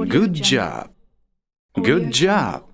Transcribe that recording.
Good job.